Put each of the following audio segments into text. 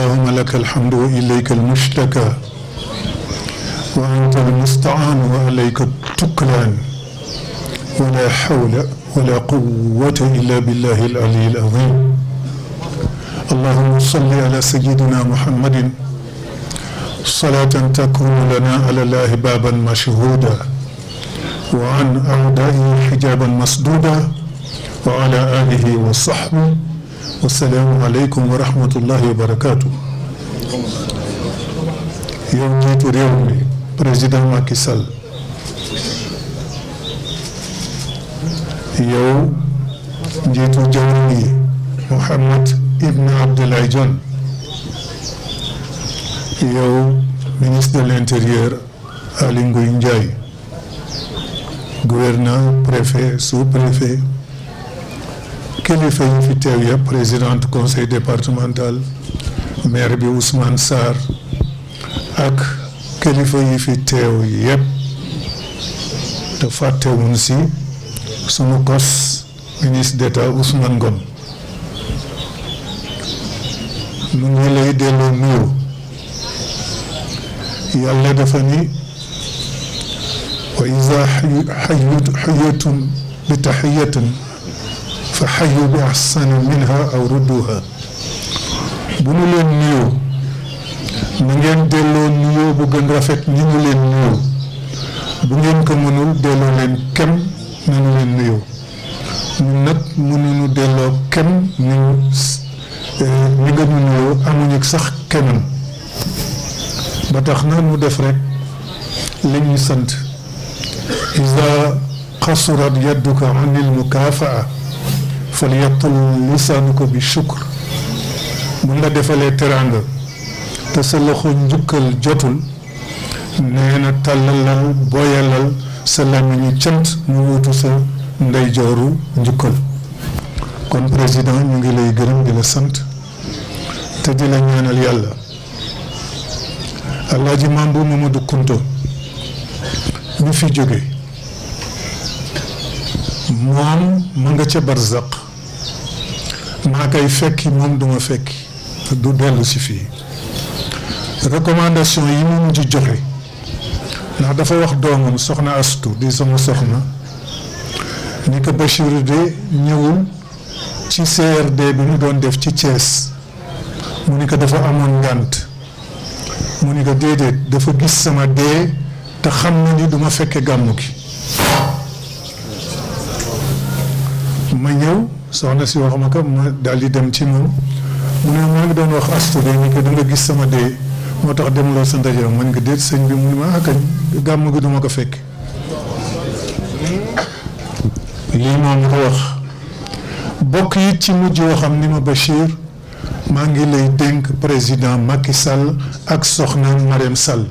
allahuma laka alhamdu wa ilayka almushtaka wa anta almustaan wa alayka tuklaan wala hawla wala quwwata illa billahi alali alazim allahuma salli ala sayidina muhammadin salaatan takunu lana ala allahi baaban mashhuuda wa an aadaa'i xijaaban masduuda wa ala alihi wa sahbihi assalaamu aleykum wa rahmatullahi wa barakaatu yow njiitu réew mi président Macky Sall yow njiitu jaww ji Mouhamed Ibn Abdoulaye Dione yow ministre de l'intérieur Aly Ngouille Ndiaye gouverneur kilifa yi fi teew yëpp présidente conseil départemental maire bi usman Sarr ak kilifa yi fi teew yëpp te fàttewuñ si sunu kos ministre d'État Ousmane Ngom nu ngi lay delloo nuyu yàlla dafa ni wa iza xayatum bi taxiyatin fa xayu bi ahsana minha aw rudduha bu ñu leen nuyoo na ngeen delloo nuyoo bu gën rafet ni ñu leen nuyoo bu ngeen ko mënul delloo leen kem nañu leen nuyoo ñun nag mënuñu delloo kem ni eh, ni nga ñu nuyoo amuñu sax kenam ba tax na mu def rek li ñu sant isa xasurat yadduka anil mukafaa falyaqul ko bi shukr mun la defalee teraanga te sa loxo njukkal jotul nee na tàllalal booyalal sa làmmiñu cant mu wutu sa ndeyjooru njukkal kon président ñu ngi lay gërëm di la sant te di la ñaanal yàlla alaaji Mambu Mamadou Kunto ñu fi jóge moom ma nga ca barzaq maa koy fekki moom duma fekki du dellu si fii recommandation yi mu mujj joxe ndax dafa wax doomam soxna astu di sama soxna ni ko Bachir de ñëwul ci CRD bi mu doon def ci Thiès mu ni ko dafa amoon ngànt mu ni ko déedéet dafa gis sama dee te xam na ni duma fekke gàmmu gi ma ñëw soxna si wax ma ko ma daal di dem ci moom mu ne maa ngi doon wax astu de ko da nga gis sama dee moo tax dem lool sa ndaje man nga déet sëñ bi mu ne ma akañ ah, gàmm gi duma ko fekk lii moom ko wax bokk yi ci mujj yoo xam ni ma Bachir maa ngi lay dénk président Macky Sall ak soxna Marème Sall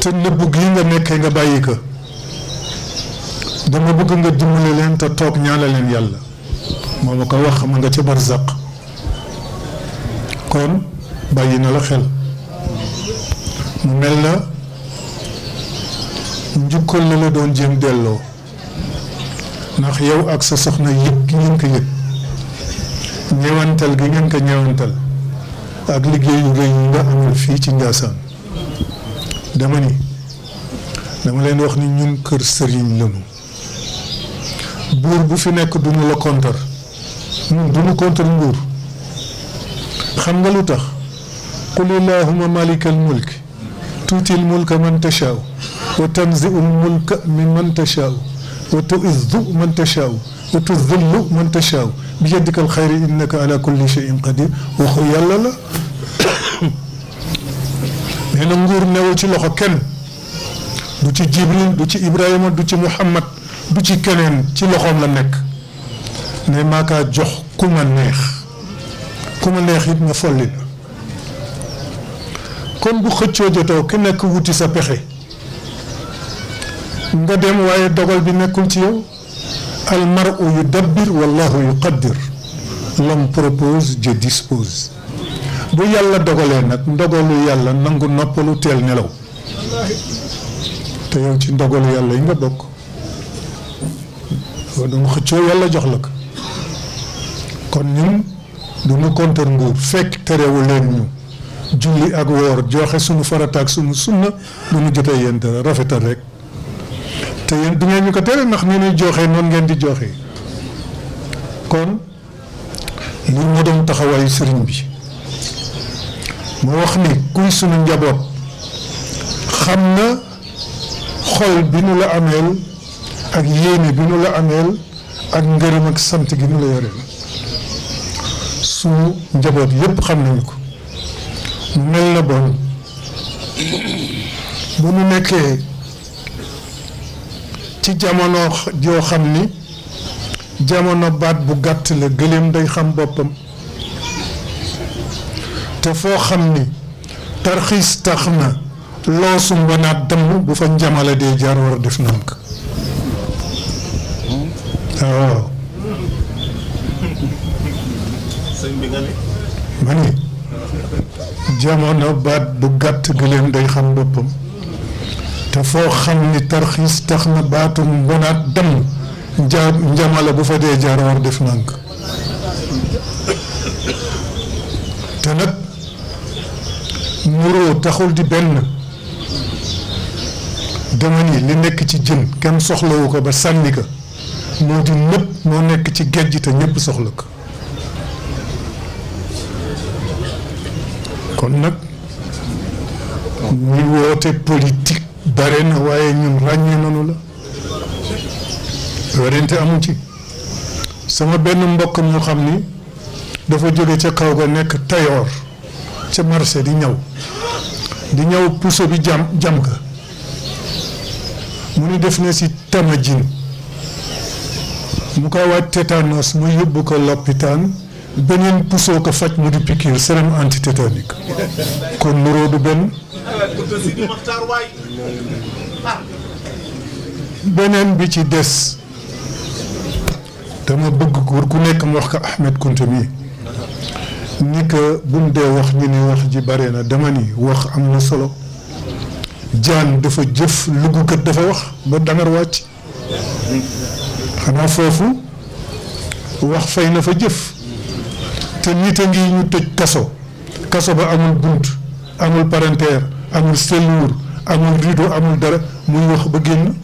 te nëbbu gi nga nekkee nga bàyyi ko dama bëgg nga dimbale leen te toog ñaana leen yàlla moo ma ko wax ma nga ca barzaq kon bàyyi na la xel mu mel na njukkal la la doon jéem delloo ndax yow ak sa soxna yëg gi ngeen ko yëg ñewantal gi ngeen ko ñewantal ak liggéeyu rëy yi nga amal fii ci Ndiassane dama ni dama leen wax ni ñun kër sëriñ lañu buur bu fi nekk du ñu la contre ñun du ñu contre nguur xam nga lu tax qul illahuma malikal mulk tuutil mulka man tachaaw wa tanziul mulka min man tachaaw wa tuizzu man tachaaw wa tuzillu man tachaaw bi yaddikal xayri innaka ala kulli cheyin qadir waxu yàlla la nee na nguur newu ci loxo kenn du ci jibril du ci ibrahima du ci muhammad du ci keneen ci loxoom la nekk ne maa kaa jox ku ma neex ku ma neex it ma folli la kon bu xëccoo jotoo ki nekk wuti sa pexe nga dem waaye dogal bi nekkul ci yow al mar'u yudabbir wallahu yuqaddir l'homme propose Dieu dispose bu yàlla dogalee nag ndogalu yàlla nangu noppalu teel nelaw te yow ci ndogalu yàlla yi nga bokk loolu danga xëccoo yàlla jox la ko kon ñun duñu contre nguur fekk terewu leen ñu julli ak woor joxe suñu farata ak suñu sunna duñu jotee yéen dara rafetal rek te yéen du ngeen ñu ko tere ndax ni ñuy joxe noonu ngeen di joxe kon li moo doon taxawaayu sëriñ bi moo wax ni kuy suñu njaboot xam na xol bi nu la ameel ak yéene bi nu la ameel ak ngërëm ak sant gi nu la yoreel suñu njaboot yépp xam nañu ko mel na bon bu nu nekkee ci jamono joo xam ni jamono baat bu gàtt la gëléem day xam boppam te foo xam ni tarxiis tax na loosum wanaat damm bu fa njamala dee jaar war def nank waaw. sëñ bi nga ne. baat bu gàtt gëléem day xam boppam. te foo xam ni tarxiis tax na baatum mbonaat dem ja njamala bu fa dee jaar def nànk te nag muroo taxul di benn dama ni li nekk ci jën kenn soxlawu ko ba sànni ko moo di lépp moo nekk ci géej te ñëpp soxla ko kon nag ñu woote politique bare na waaye ñun ràññee nanu la werante amu ci sama benn mbokk mu xam ni dafa jóge ca kaw ga nekk tayoor ca marché di ñaw di ñaw puso bi jam jam ga mu ni def na si tamajin mu ko waaj tétanos mu yóbbu ko loppitaan beneen pusoo ko faj mu di piqûre sérum antitétanique kon nuróo du benn beneen bi ci des dama bëgg góor ku nekk mu wax ko Ahmed Kountoumi ni que bu mu dee wax ñu ne wax ji bare na dama ni wax am na solo jaan dafa jëf lugukat dafa wax ba dangar wàcc xanaa foofu wax fay na fa jëf te nit a ngi ñu tëj kaso kaso ba amul bunt amul parenteer amul cellule amul rideau amul dara muy wax ba génn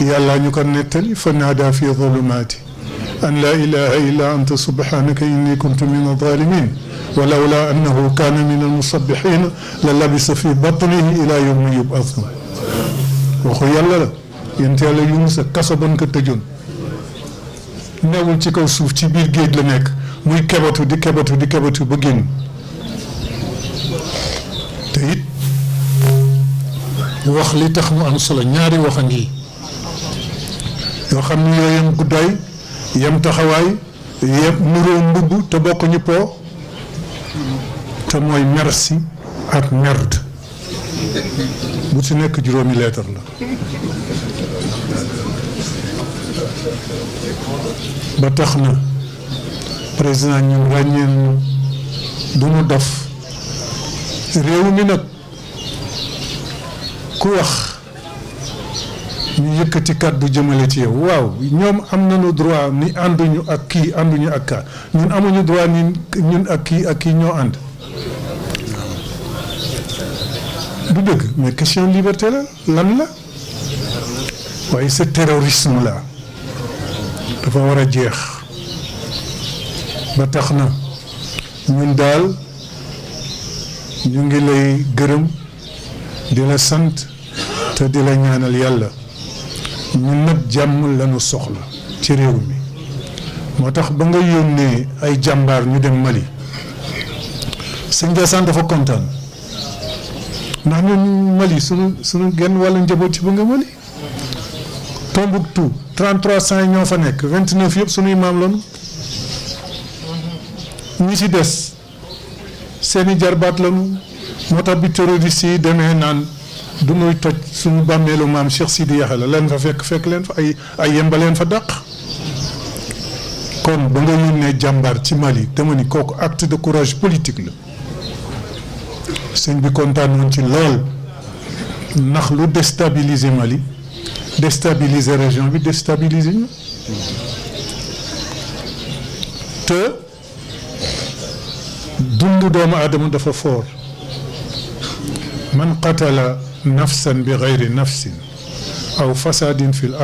yàlla ñu ko nettali fa naada fi zulumaati an laa ilaha illa anta subhanaka inni kuntu min alzalimin wa lawla annahu kaana min almusabbihina la labisa fi batnihi ila yawmi yubasun waxu yàlla la yéen teel a yunus a kaso ban ko tëjoon newul ci kaw suuf ci biir géej la nekk muy kebatu di kebatu di kebatu ba génn te it wax li tax mu am solo ñaari wax a ngi yoo xam ne yooyu yem guddaay yem taxawaay yem nuroo mbubb te bokk ñu po te mooy merci ak merde bu si nekk juróomi leetar la ba tax na président ñu ràññeen du mu dof réew mi nag ku wax ñu yëkkati bu jëmale ci yow waaw ñoom am nañu droit ni ànduñu ak kii ànduñu ak kaa ñun amuñu droit ñun ak kii ak kii ñoo ànd bu dëgg mais question liberté la lan la waaye ce terrorisme la dafa war a jeex ba tax na ñun daal ñu ngi lay gërëm di la sant te di la ñaanal yàlla ñun nag jàmm lañu soxla ci réew mi moo tax ba nga yónnee ay jàmbaar ñu dem Mali sëñ Ndiassane dafa kontaan ndax ñun Mali sunu sunu genn wàllu njaboot ci ba nga Mali Tombouctou 33 cent yi ñoo fa nekk 29 yëpp suñuy maam lañu ñi ci des seeni jarbaat lañu moo tax bi terroriste yi naan du nuy toj suñu bàmmeelu maam Cheikh Sidi Yaxala leen fa fekk fekk leen fa ay ay yemba leen fa daq kon ba nga ne jàmbaar ci Mali dama ni kooku acte de courage politique la sëñ bi kontaan woon ci lool ndax lu déstabiliser Mali. déstabiliser région bi déstabiliser ñu te dundu doomu aadama dafa foor man qatala nafsan bi gayri nafsin aw fasadin fi l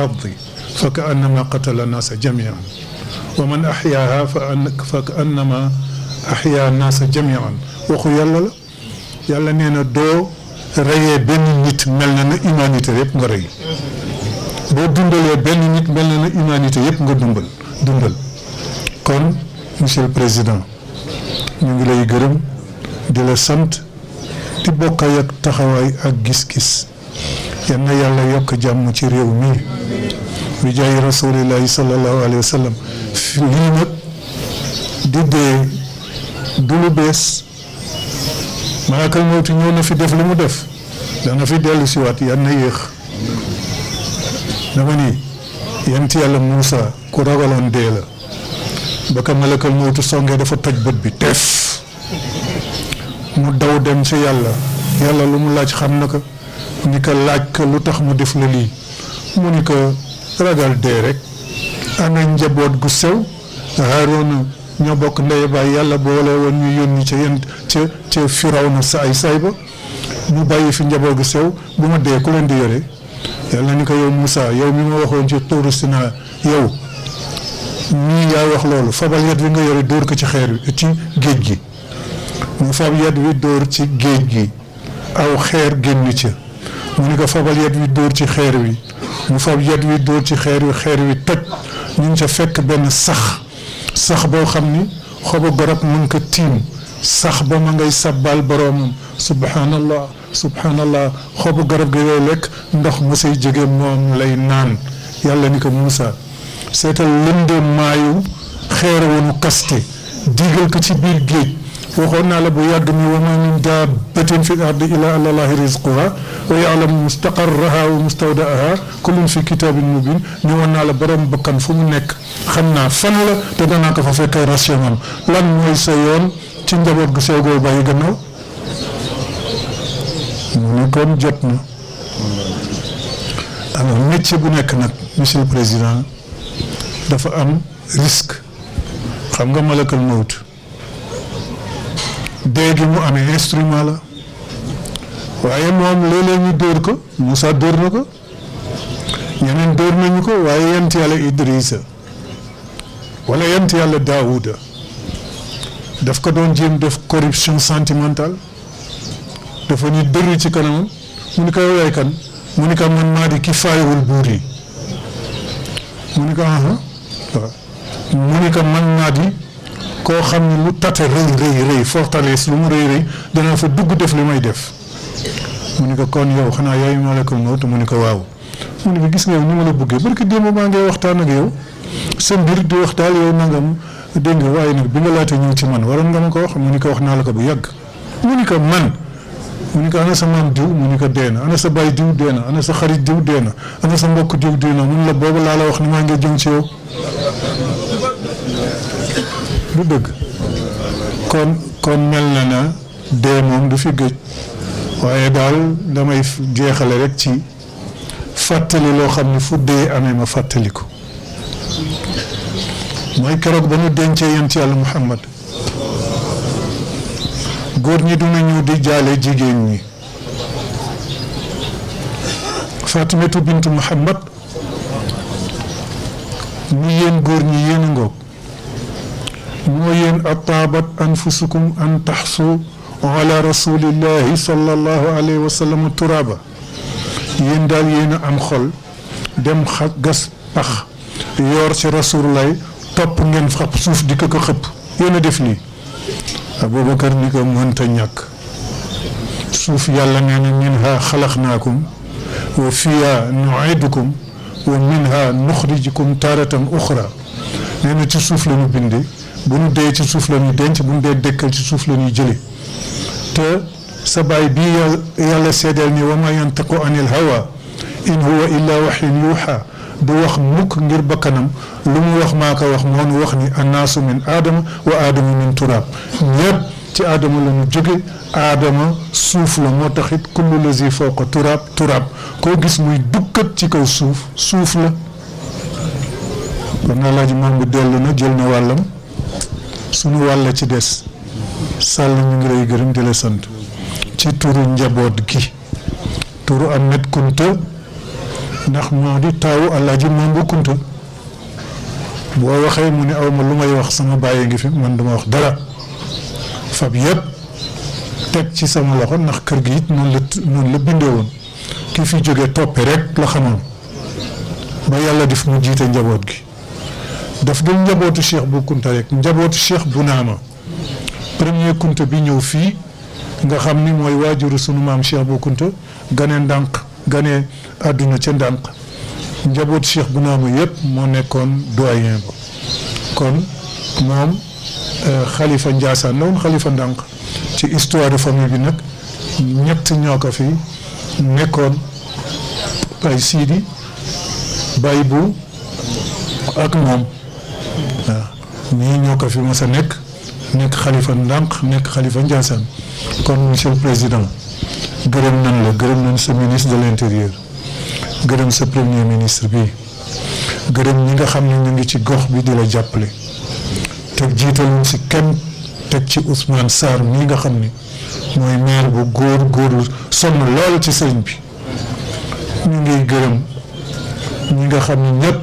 fa ka annama qatala naasa waxu yàlla la yàlla nee na doo reyee benn nit na na humanité nga rey boo dundalee benn nit mel na ne humanité yëpp nga dundal dundal kon monsieur président ñu ngi lay gërëm di la sant di bokk ak taxawaay ak gis-gis yal na yàlla yokk jàmm ci réew mi bi jaay rasulillahi sallallahu alayhi wa sallam lii nag di dee du lu bees malaakal mawti ñëw na fi def li mu def dana fi dellu siwaat yan yéex dama ni yent yàlla Moussa ku ragaloon dee la ba ka malakal mawtu songee dafa taj bët bi teef mu daw dem ci yàlla yàlla lu mu laaj xam na ko ni ko laaj ko lu tax mu def la lii mu ni ko ragal dee rek ana njaboot gu sew Haaroona ñoo bokk ndey baay yàlla boole woon ñu yónni ca yent ca ca Firawna sa ay saay ba mu bàyyi fi njaboot gu sew bu ma dee ku leen di yore yàlla ni ko yow Moussa yow mi ma waxoon ci tuuru Sinaa yow nii yaa wax loolu fabal yet wi nga yore dóor ko ci xeer wi ci géej gi mu fab yet wi dóor ci géej gi aw xeer génn ca mu ni ko fabal yet wi dóor ci xeer wi mu fab yet wi dóor ci xeer wi xeer wi toj ñu ngi ca fekk benn sax sax boo xam ni xobu garab mën ko tiim sax ba ma sabal sabbal boroomam subhanallah subhanallah xobu garab gi lekk ndox mu say jóge moom lay naan yàlla ni ko Moussa seetal lëndee maayu xeer wonu kaste diigal ko ci biir géej waxoon naa la bu yàgg mi wa ma min daabatin fi ardi illa ala allahi risquha wa yaalamu mustaqarraha wa mustawdaaha kullun fi kitabin mubin ñu woon naa la borom bakkan fu mu nekk xam naa fan la te danaa ko fa fekkee rationnel lan mooy sa yoon ci njaboot gu seegoo bàyyi gannaaw mu ne kon jot na alors métier bu nekk nag monsieur le président dafa am risque xam nga malakal mawt dee mu amee instrument la waaye moom léeg ñu dóor ko Moussa dóor na ko ñeneen dóor nañu ko waaye yent yàlla Idrissa wala yent yàlla Daouda daf ko doon jéem def corruption sentimentale dafa ni dëru ci kanamam mu ni ko yow yaay kan mu ni ko man maa ki faayewul buur yi mu ni ko aha ah. mu ni koo xam ne lu tate rëy rëy rëy fortalesse lu mu rëy rëy danaa fa dugg def li may def mu ni ko kon yow xanaa yaay malakul mawt mu ni ko waaw mu ni ko gis nga yow ni ma la buggee barki démb maa ngay waxtaan ak yow sa mbir di wax yow nangam dégg nga waaye nag bi nga laata ñëw ci man waroon nga ma ko wax mu ni ko wax naa la ko bu yàgg mu ni ko man mu ni ko ana sa maam diw mu ni ko dee na ana sa baay diw dee na ana sa xarit diw dee na ana sa mbokk diw dee na mun la boobu laa la wax ni maa ngi jëm ci yow du dëgg kon kon mel na na dee moom du fi gëj waaye daal damay jeexale rek ci fàttali loo xam ne fu dee amee ma fàttaliku mooy keroog ba ñu dencee yent yàlla Muhammad góor ñi duna ñu di jaale jigéen ñi Fatimatu bintu Muhammad ñu yéen góor ñi yéen a ngoog moo yéen ataabat anfusukum an taxsu ala rasulillahi sallallahu alayhi wa sallam turaba yéen daal yéen a am xol dem xa gas pax yoor ci rasulullah topp ngeen fab suuf di ko ko xëpp yéen a def nii Abubakar ni ko mënta ñàkk suuf yàlla nee na minha xalaqnaakum wa fiha nuidukum wa minha nuxrijukum taaratan uxra nee na ci suuf la ñu bindee bu ñu dee ci suuf la ñu denc bu ñu dee dëkkal ci suuf la ñuy jëlee te sa baay bii yàlla seedeel ni wa ma yantiqu anil hawa in huwa illa waxyun yuuxa du wax mukk ngir bakkanam lu mu wax maa ko wax moonu wax ni annaasu min aadama wa aadama min turaab ñépp ci aadama la ñu jóge aadama suuf la moo taxit kullu lazi fawqa turaab turaab koo gis muy dukkat ci kaw suuf suuf la kon alaaji maam bu dellu na jël na wàllam sunu wàll ci des sàll ñu ngi lay gërëm di la sant ci turu njaboot gi turu Ahmed Kounta ndax moo di taawu Alaaji Mango Kunta boo waxee mu ni aw ma lu may wax sama bàyyi ngi fi man duma wax dara fab yëpp teg ci sama loxo ndax kër gi it noonu la noonu la bindee woon ki fi jóge toppe rek la xamoon ba yàlla def mu jiite njaboot gi daf dul njabootu Cheikh bu Kunta rek njabootu Cheikh bu naama premier Kunta bi ñëw fii nga xam ni mooy waajuru sunu maam Cheikh boo Kunta gane dànk gane àdduna ca ndànk njaboot Cheikh Bunaama yëpp moo nekkoon doyen ba kon moom xalifa euh, Ndiassane la xalifa ndànk ci histoire de famille bi nag ñett ñoo ko fi nekkoon bay siidi bay bu ak moom waaw ñii ñoo ko fi mas a nekk nekk xalifa ndànk nekk xalifa Ndiassane kon monsieur président gërëm nan la gërëm nan sa ministre de l' gërëm sa premier ministre bi gërëm ñi nga xam ne ñu ngi ci gox bi di la jàppale teg jiital si kenn teg ci Ousmane Sarr mii nga xam ne mooy maire bu góor góorlu sonn lool ci sëriñ bi ñu ngi gërëm ñi nga xam ne ñëpp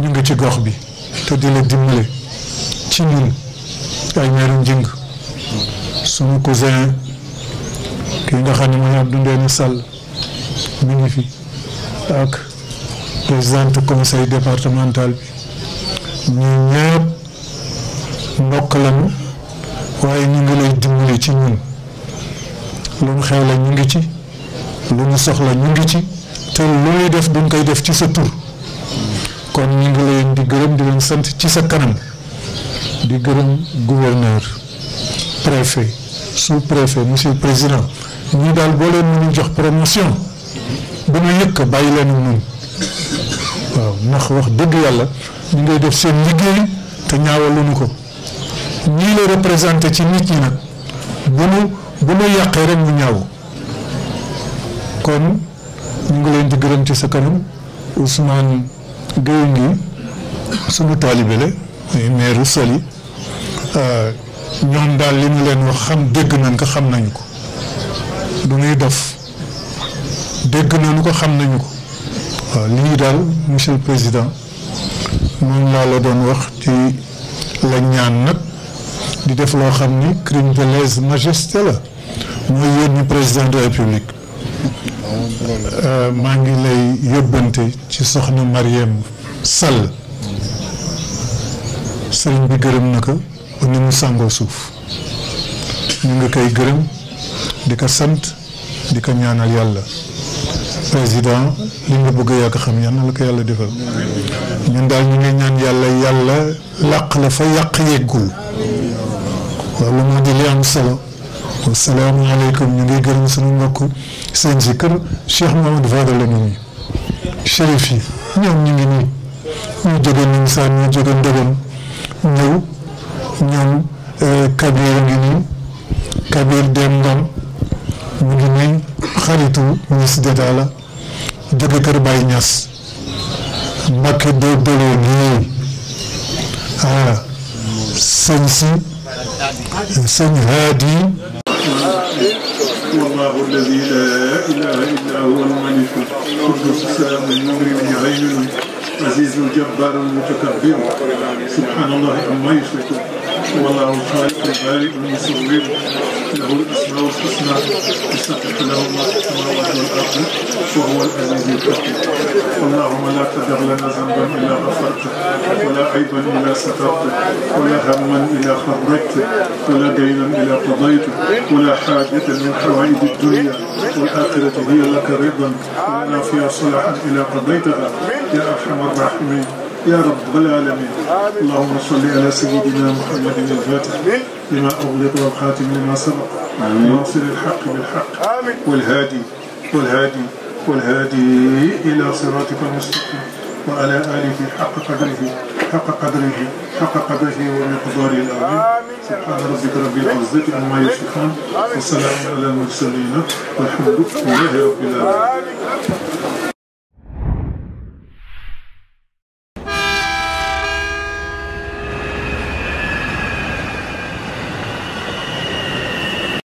ñu ngi ci gox bi te di la dimbale ci ñun ay meeru njëng suñu cousin ki nga xam ne mooy Abdou Ndéné Sall mu ngi fi ak président conseil départemental bi ñu ñëpp mbokk lañu waaye ñu ngi lay dimbale ci ñun lu mu xew la ngi ci lu mu soxla ñu ngi ci te looy def duñ koy def ci sa tur kon ñu ngi leen di gërëm di leen sant ci sa kanam di gërëm gouverneur préfet sous-préfet monsieur président ñii daal boo leen mënul jox promotion bu nu yëkk bàyyi leen ñun waaw ndax wax dëgg yàlla ñu ngay def seen liggéey te ñaawaluñu ko ñii la représenté ci nit ñi nag bu nu bu nu yàqee rek mu ñaaw kon ñu ngi leen di gërëm ci sa kanam Ousmane Gueye ngi sunu taalibe la muy maire Saly euh, ñoom daal li ñu leen wax xam dégg nañ ko xam nañu ko. du ñuy dof dégg nu ko xam nañu ko waaw lii daal monsieur président moom laa la doon wax ci la ñaan nag di def loo xam ni crime de lèse-majesté la mooy yónni président de la république euh, maa ngi lay yóbbante ci soxna Marième Sall sëriñ bi gërëm na ko ba ni mu sàngoo suuf ñu ngi koy gërëm di ko sant di ko ñaanal yàlla président li nga bëgg yaa xam yal na la ko yàlla defal ñun daal ñu ngi ñaan yàlla yàlla làq la fa yàq yeggul loolu moo di am solo wasalaamaaleykum ñu ngi gërëm suñu mbokk seen si kër Cheikh Mamadou Fadal la ñu nii chérif yi ñoom ñu ngi nii ñu jóge niñ euh, Kabir ngi nii Kabir Dem Ngom mu ngi may xaritu ministre d'État la jóge kër Baye Niass Mbacké doo dolee nii ah sëñ si sëñ Haadi الله الذي لا إله إلا هو الملك القدس السلام المؤمن العين العزيز الجبار المتكبر سبحان الله عما يشركون والله الخالق البارئ المصور له الاسماء الحسنى يسبح له ما في السماوات والارض وهو العزيز الحكيم اللهم لا تدع لنا ذنبا الا غفرته ولا عيبا الا سترته ولا هما الا خرجته ولا دينا الا قضيته ولا حاجه من حوائج الدنيا والاخره هي لك رضا ولنا فيها صلاحا الا قضيتها يا ارحم الراحمين يا رب العالمين اللهم صل على سيدنا محمد الفاتح لما أغلق والخاتم لما سبق ناصر الحق بالحق والهادي والهادي والهادي إلى صراطك المستقيم وعلى آله حق قدره حق قدره حق قدره ومقداره العظيم سبحان ربك رب العزة عما يصفون وسلام على المرسلين والحمد لله رب العالمين